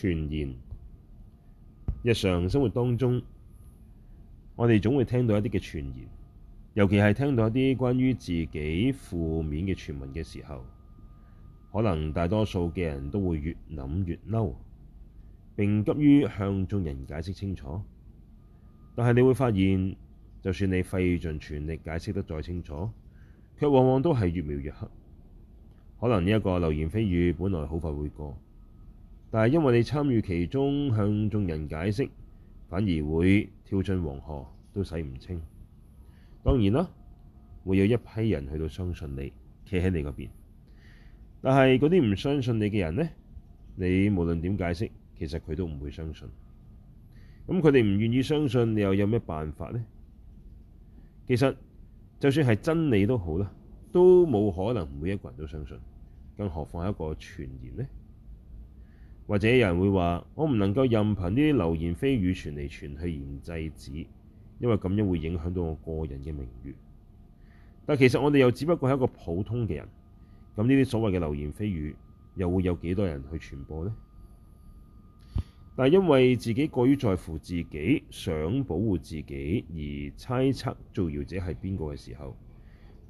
傳言，日常生活當中，我哋總會聽到一啲嘅傳言，尤其係聽到一啲關於自己負面嘅傳聞嘅時候，可能大多數嘅人都會越諗越嬲，並急於向眾人解釋清楚。但係你會發現，就算你費盡全力解釋得再清楚，卻往往都係越描越黑。可能呢一個流言蜚語本來好快會過。但係因為你參與其中，向眾人解釋，反而會跳進黃河都洗唔清。當然啦，會有一批人去到相信你，企喺你嗰邊。但係嗰啲唔相信你嘅人呢，你無論點解釋，其實佢都唔會相信。咁佢哋唔願意相信，你又有咩辦法呢？其實就算係真理都好啦，都冇可能每一個人都相信，更何況係一個傳言呢。或者有人會話：我唔能夠任憑呢啲流言蜚語傳嚟傳去而制止，因為咁樣會影響到我個人嘅名譽。但其實我哋又只不過係一個普通嘅人，咁呢啲所謂嘅流言蜚語又會有幾多人去傳播呢？但係因為自己過於在乎自己，想保護自己而猜測造謠者係邊個嘅時候，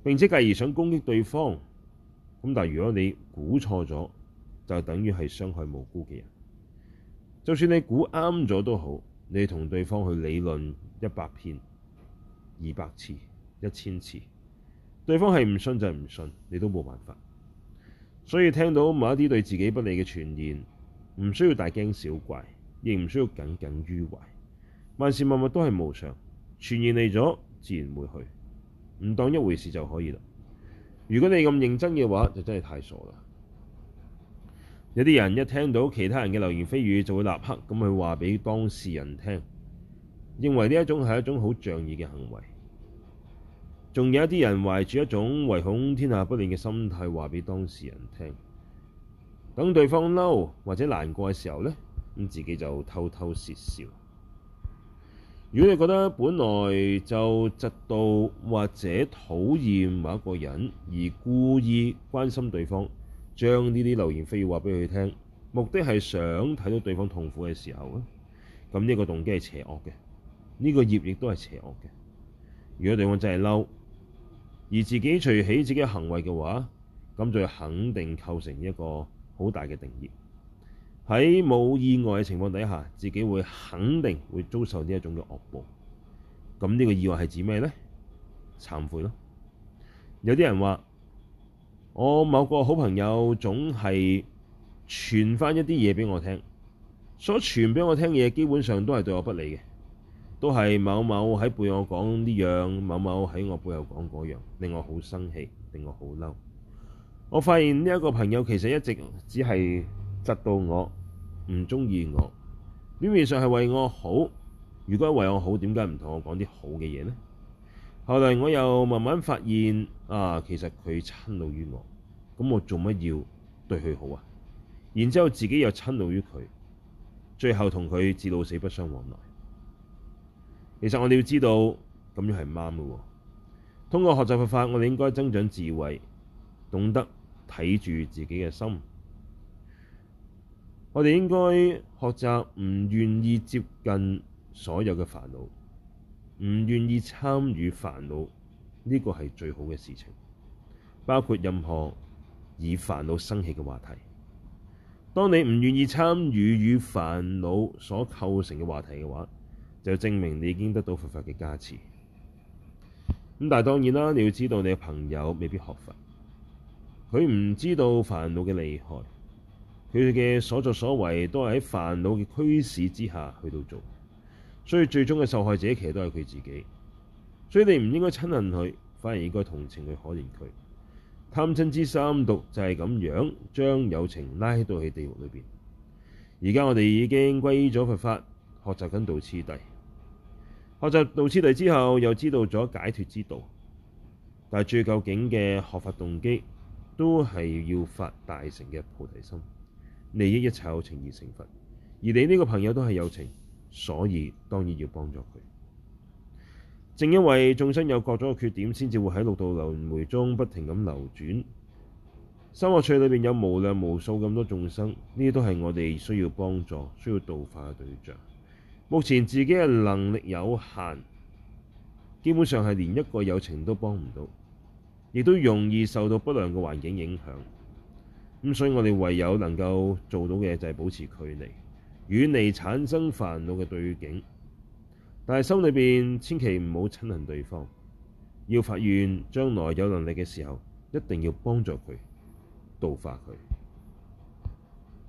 並且繼而想攻擊對方，咁但係如果你估錯咗。就等於係傷害無辜嘅人，就算你估啱咗都好，你同對方去理論一百遍、二百次、一千次，對方係唔信就唔信，你都冇辦法。所以聽到某一啲對自己不利嘅傳言，唔需要大驚小怪，亦唔需要耿耿於懷。萬事萬物都係無常，傳言嚟咗自然會去，唔當一回事就可以啦。如果你咁認真嘅話，就真係太傻啦。有啲人一聽到其他人嘅流言蜚語，就會立刻咁去話畀當事人聽，認為呢一種係一種好仗義嘅行為。仲有一啲人懷住一種唯恐天下不亂嘅心態，話畀當事人聽，等對方嬲或者難過嘅時候咧，咁自己就偷偷竊笑，笑。如果你覺得本來就嫉妒或者討厭某一個人，而故意關心對方。將呢啲流言蜚語話俾佢聽，目的係想睇到對方痛苦嘅時候咯。咁呢個動機係邪惡嘅，呢、這個業亦都係邪惡嘅。如果對方真係嬲，而自己隨喜自己行為嘅話，咁就肯定構成一個好大嘅定業。喺冇意外嘅情況底下，自己會肯定會遭受呢一種嘅惡報。咁呢個意外係指咩咧？懺悔咯。有啲人話。我某個好朋友總係傳翻一啲嘢俾我聽，所傳俾我聽嘅嘢基本上都係對我不利嘅，都係某某喺背後講呢樣，某某喺我背後講嗰樣，令我好生氣，令我好嬲。我發現呢一個朋友其實一直只係嫉妒我，唔鍾意我，表面上係為我好。如果係為我好，點解唔同我講啲好嘅嘢呢？後來我又慢慢發現啊，其實佢嗔怒於我，咁我做乜要對佢好啊？然之後自己又嗔怒於佢，最後同佢至老死不相往來。其實我哋要知道咁樣係唔啱噶。通過學習佛法，我哋應該增長智慧，懂得睇住自己嘅心。我哋應該學習唔願意接近所有嘅煩惱。唔願意參與煩惱，呢個係最好嘅事情。包括任何以煩惱生起嘅話題。當你唔願意參與與煩惱所構成嘅話題嘅話，就證明你已經得到佛法嘅加持。咁但係當然啦，你要知道你嘅朋友未必學佛，佢唔知道煩惱嘅厲害，佢哋嘅所作所為都係喺煩惱嘅驅使之下去到做。所以最終嘅受害者其實都係佢自己，所以你唔應該嗔恨佢，反而應該同情佢、可憐佢。貪嗔痴三毒就係咁樣將有情拉到去地獄裏邊。而家我哋已經歸咗佛法，學習緊道次第，學習道次第之後又知道咗解脫之道。但係最究竟嘅學法動機，都係要發大乘嘅菩提心，利益一切有情而成佛。而你呢個朋友都係有情。所以當然要幫助佢。正因為眾生有各種缺點，先至會喺六道輪迴中不停咁流轉。三惡趣裏邊有無量無數咁多眾生，呢啲都係我哋需要幫助、需要度化嘅對象。目前自己嘅能力有限，基本上係連一個有情都幫唔到，亦都容易受到不良嘅環境影響。咁所以我哋唯有能夠做到嘅就係保持距離。遠離產生煩惱嘅對境，但係心裏邊千祈唔好嗔恨對方，要發願將來有能力嘅時候，一定要幫助佢，度化佢。